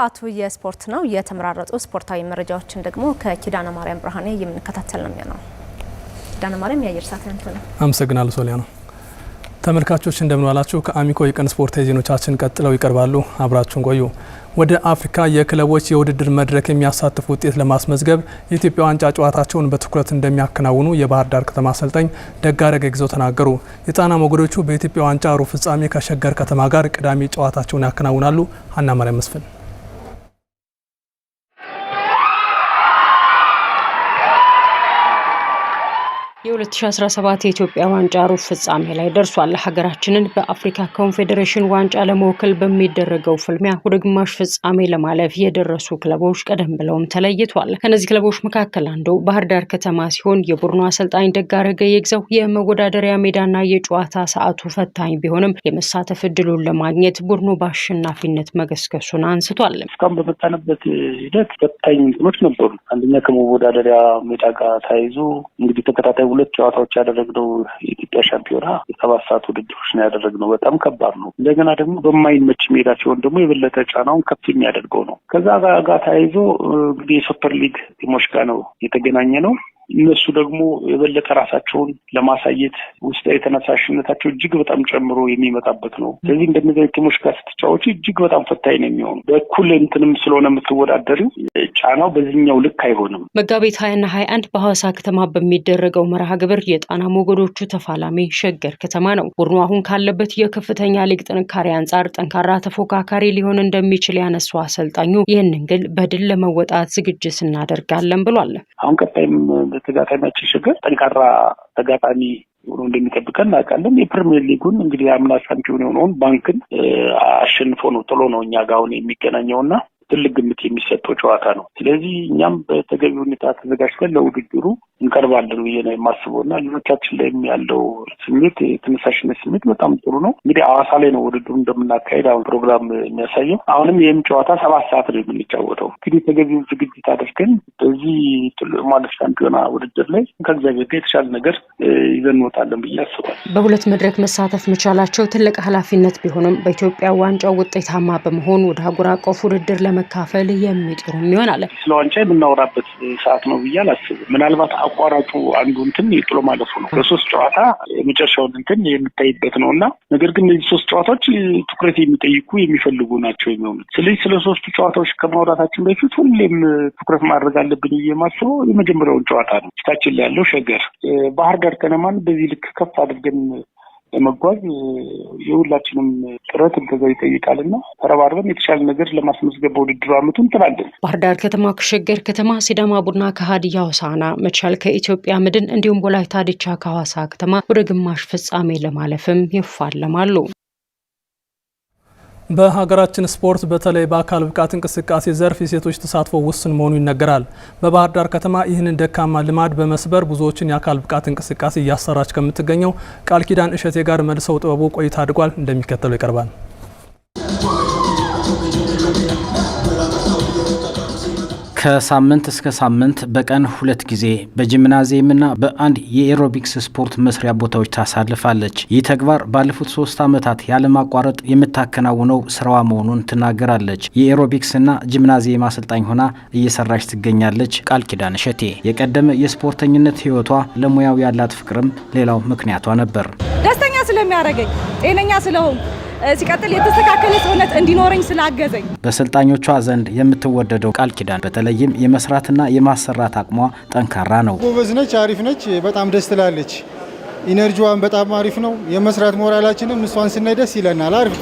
የሰዓቱ የስፖርት ነው። የተመራረጡ ስፖርታዊ መረጃዎችን ደግሞ ከኪዳነ ማርያም ብርሃኔ የምንከታተል ነው የሚሆነው። ኪዳነ ማርያም የአየር ሰዓት ያንተ ነው። አመሰግናለሁ ነው። ተመልካቾች እንደምን ዋላችሁ። ከአሚኮ የቀን ስፖርታዊ ዜናዎቻችን ቀጥለው ይቀርባሉ። አብራችሁን ቆዩ። ወደ አፍሪካ የክለቦች የውድድር መድረክ የሚያሳትፍ ውጤት ለማስመዝገብ የኢትዮጵያ ዋንጫ ጨዋታቸውን በትኩረት እንደሚያከናውኑ የባህር ዳር ከተማ አሰልጣኝ ደጋረገ ግዘው ተናገሩ። የጣና ሞገዶቹ በኢትዮጵያ ዋንጫ ሩብ ፍጻሜ ከሸገር ከተማ ጋር ቅዳሜ ጨዋታቸውን ያከናውናሉ። ሀና ማርያም መስፍን የ2017 የኢትዮጵያ ዋንጫ ሩብ ፍጻሜ ላይ ደርሷል። ሀገራችንን በአፍሪካ ኮንፌዴሬሽን ዋንጫ ለመወከል በሚደረገው ፍልሚያ ወደ ግማሽ ፍጻሜ ለማለፍ የደረሱ ክለቦች ቀደም ብለውም ተለይቷል። ከነዚህ ክለቦች መካከል አንዱ ባህር ዳር ከተማ ሲሆን የቡድኑ አሰልጣኝ ደጋረገ የግዛው የመወዳደሪያ ሜዳና የጨዋታ ሰዓቱ ፈታኝ ቢሆንም የመሳተፍ እድሉን ለማግኘት ቡድኑ በአሸናፊነት መገስገሱን አንስቷል። እስካሁን በመጣንበት ሂደት ፈታኝ እንትኖች ነበሩ። አንደኛ ከመወዳደሪያ ሜዳ ጋር ተያይዞ እንግዲህ ተከታታይ ሁለት ጨዋታዎች ያደረግነው የኢትዮጵያ ሻምፒዮና የሰባት ሰዓት ውድድሮች ነው ያደረግነው። በጣም ከባድ ነው። እንደገና ደግሞ በማይመች ሜዳ ሲሆን ደግሞ የበለጠ ጫናውን ከፍ የሚያደርገው ነው። ከዛ ጋር ተያይዞ እንግዲህ የሱፐር ሊግ ቲሞች ጋር ነው የተገናኘ ነው። እነሱ ደግሞ የበለጠ ራሳቸውን ለማሳየት ውስጣዊ ተነሳሽነታቸው እጅግ በጣም ጨምሮ የሚመጣበት ነው። ስለዚህ እንደነዚህ ቲሞች ጋር ስትጫወች እጅግ በጣም ፈታኝ ነው የሚሆኑ በኩል እንትንም ስለሆነ የምትወዳደሪው ጫናው በዚህኛው ልክ አይሆንም። መጋቢት ሀያና ሀያ አንድ በሐዋሳ ከተማ በሚደረገው መርሃ ግብር የጣና ሞገዶቹ ተፋላሚ ሸገር ከተማ ነው። ቡድኑ አሁን ካለበት የከፍተኛ ሊግ ጥንካሬ አንጻር ጠንካራ ተፎካካሪ ሊሆን እንደሚችል ያነሱ አሰልጣኙ ይህንን ግን በድል ለመወጣት ዝግጅት እናደርጋለን ብሏል። አሁን ቀጣይም ተጋጣሚያችን ችግር ጠንካራ ተጋጣሚ ሆኖ እንደሚጠብቀን እናውቃለን። የፕሪሚየር ሊጉን እንግዲህ አምና ሻምፒዮን የሆነውን ባንክን አሸንፎ ነው ጥሎ ነው እኛ ጋር አሁን የሚገናኘውና ትልቅ ግምት የሚሰጠው ጨዋታ ነው። ስለዚህ እኛም በተገቢ ሁኔታ ተዘጋጅተን ለውድድሩ እንቀርባለን ብዬ ነው የማስበው እና ልጆቻችን ላይም ያለው ስሜት የተነሳሽነት ስሜት በጣም ጥሩ ነው። እንግዲህ አዋሳ ላይ ነው ውድድሩ እንደምናካሄድ አሁን ፕሮግራም የሚያሳየው። አሁንም ይህም ጨዋታ ሰባት ሰዓት ነው የምንጫወተው። እንግዲህ ተገቢው ዝግጅት አድርገን በዚህ ማለት ሻምፒዮና ውድድር ላይ ከእግዚአብሔር ጋር የተሻለ ነገር ይዘን እንወጣለን ብዬ አስባለሁ። በሁለት መድረክ መሳተፍ መቻላቸው ትልቅ ኃላፊነት ቢሆንም በኢትዮጵያ ዋንጫው ውጤታማ በመሆን ወደ አህጉር አቀፍ ውድድር ለመካፈል የሚጥሩም ይሆናል። ስለ ዋንጫ የምናወራበት ሰዓት ነው ብዬ አላስብም። ምናልባት አቋራጩ አንዱ እንትን የጥሎ ማለፉ ነው። በሶስት ጨዋታ የመጨረሻውን እንትን የምታይበት ነው እና ነገር ግን እነዚህ ሶስት ጨዋታዎች ትኩረት የሚጠይቁ የሚፈልጉ ናቸው የሚሆኑት። ስለዚህ ስለ ሶስቱ ጨዋታዎች ከማውራታችን በፊት ሁሌም ትኩረት ማድረግ አለብን የማስበው የመጀመሪያውን ጨዋታ ነው። ፊታችን ላይ ያለው ሸገር ባህር ዳር ከነማን በዚህ ልክ ከፍ አድርገን ለመጓዝ የሁላችንም ጥረት እንደዛ ይጠይቃል እና ተረባርበን የተሻለ ነገር ለማስመዝገብ በውድድሩ አመቱ እንጥላለን። ባህር ዳር ከተማ ከሸገር ከተማ፣ ሲዳማ ቡና ከሀዲያ ሆሳዕና፣ መቻል ከኢትዮጵያ ምድን እንዲሁም ወላይታ ድቻ ከሐዋሳ ከተማ ወደ ግማሽ ፍጻሜ ለማለፍም ይፋለማሉ። በሀገራችን ስፖርት በተለይ በአካል ብቃት እንቅስቃሴ ዘርፍ የሴቶች ተሳትፎ ውስን መሆኑ ይነገራል። በባህር ዳር ከተማ ይህንን ደካማ ልማድ በመስበር ብዙዎችን የአካል ብቃት እንቅስቃሴ እያሰራች ከምትገኘው ቃል ኪዳን እሸቴ ጋር መልሰው ጥበቡ ቆይታ አድርጓል። እንደሚከተለው ይቀርባል። ከሳምንት እስከ ሳምንት በቀን ሁለት ጊዜ በጂምናዚየምና በአንድ የኤሮቢክስ ስፖርት መስሪያ ቦታዎች ታሳልፋለች። ይህ ተግባር ባለፉት ሶስት ዓመታት ያለማቋረጥ የምታከናውነው ስራዋ መሆኑን ትናገራለች። የኤሮቢክስና ጂምናዚየም አሰልጣኝ ሆና እየሰራች ትገኛለች። ቃል ኪዳን እሸቴ የቀደመ የስፖርተኝነት ህይወቷ ለሙያው ያላት ፍቅርም ሌላው ምክንያቷ ነበር። ደስተኛ ስለሚያደርገኝ ጤነኛ ስለሆንኩ ሲቀጥል የተስተካከለ ሰውነት እንዲኖረኝ ስላገዘኝ። በሰልጣኞቿ ዘንድ የምትወደደው ቃል ኪዳን በተለይም የመስራትና የማሰራት አቅሟ ጠንካራ ነው። ጎበዝ ነች፣ አሪፍ ነች፣ በጣም ደስ ትላለች። ኢነርጂዋን በጣም አሪፍ ነው። የመስራት ሞራላችንም እሷን ስናይ ደስ ይለናል። አሪፍ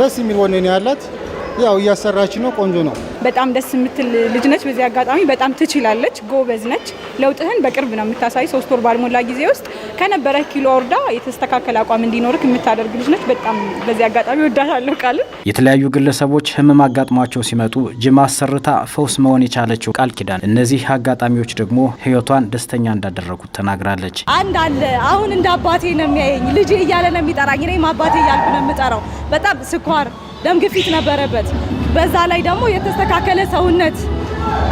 ደስ የሚል ወኔ ያላት። ያው እያሰራች ነው። ቆንጆ ነው። በጣም ደስ የምትል ልጅ ነች። በዚህ አጋጣሚ በጣም ትችላለች፣ ጎበዝ ነች። ለውጥህን በቅርብ ነው የምታሳይ። ሶስት ወር ባልሞላ ጊዜ ውስጥ ከነበረ ኪሎ ወርዳ የተስተካከለ አቋም እንዲኖርክ የምታደርግ ልጅ ነች። በጣም በዚህ አጋጣሚ ወዳታለሁ። ቃል የተለያዩ ግለሰቦች ህመም አጋጥሟቸው ሲመጡ ጅም አሰርታ ፈውስ መሆን የቻለችው ቃል ኪዳን፣ እነዚህ አጋጣሚዎች ደግሞ ህይወቷን ደስተኛ እንዳደረጉት ተናግራለች። አንድ አለ አሁን እንደ አባቴ ነው የሚያየኝ ልጅ እያለ ነው የሚጠራኝ። እኔም አባቴ እያልኩ ነው የምጠራው። በጣም ስኳር ደም ግፊት ነበረበት። በዛ ላይ ደግሞ የተስተካከለ ሰውነት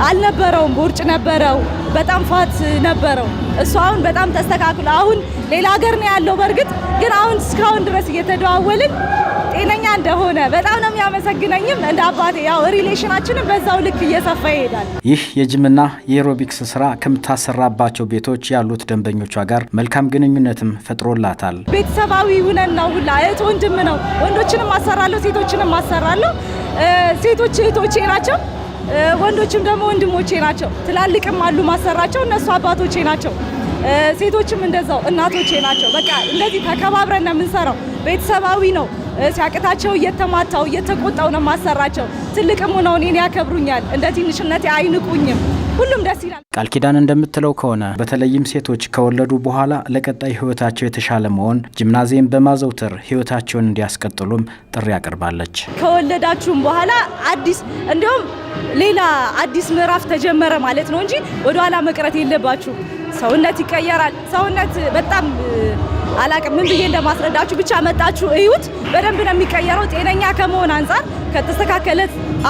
አልነበረውም። ቦርጭ ነበረው፣ በጣም ፋት ነበረው። እሱ አሁን በጣም ተስተካክሎ አሁን ሌላ ሀገር ነው ያለው። በእርግጥ ግን አሁን እስካሁን ድረስ እየተደዋወልን እንደሆነ በጣም ነው የሚያመሰግነኝም እንደ አባቴ ያው ሪሌሽናችንም በዛው ልክ እየሰፋ ይሄዳል። ይህ የጅምና የኤሮቢክስ ስራ ከምታሰራባቸው ቤቶች ያሉት ደንበኞቿ ጋር መልካም ግንኙነትም ፈጥሮላታል። ቤተሰባዊ ውነን ነው ሁላ እህት ወንድም ነው። ወንዶችንም አሰራለሁ፣ ሴቶችንም አሰራለሁ። ሴቶች እህቶቼ ናቸው ወንዶችም ደግሞ ወንድሞቼ ናቸው። ትላልቅም አሉ ማሰራቸው እነሱ አባቶቼ ናቸው። ሴቶችም እንደዛው እናቶቼ ናቸው። በቃ እንደዚህ ተከባብረን ነው የምንሰራው። ቤተሰባዊ ነው። ሲያቅታቸው እየተማታው እየተቆጣው ነው ማሰራቸው። ትልቅም ሆነው እኔን ያከብሩኛል፣ እንደ ትንሽነቴ አይንቁኝም። ሁሉም ደስ ይላል። ቃል ኪዳን እንደምትለው ከሆነ በተለይም ሴቶች ከወለዱ በኋላ ለቀጣይ ህይወታቸው የተሻለ መሆን ጂምናዚየም በማዘውተር ህይወታቸውን እንዲያስቀጥሉም ጥሪ ያቀርባለች። ከወለዳችሁም በኋላ አዲስ እንዲሁም ሌላ አዲስ ምዕራፍ ተጀመረ ማለት ነው እንጂ ወደኋላ መቅረት የለባችሁ። ሰውነት ይቀየራል። ሰውነት በጣም አላቅም ምን ብዬ እንደማስረዳችሁ ብቻ መጣችሁ እዩት። በደንብ ነው የሚቀየረው። ጤነኛ ከመሆን አንጻር፣ ከተስተካከለ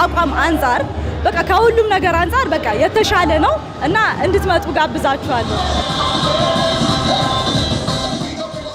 አቋም አንጻር፣ በቃ ከሁሉም ነገር አንጻር በቃ የተሻለ ነው እና እንድትመጡ ጋብዛችኋለሁ።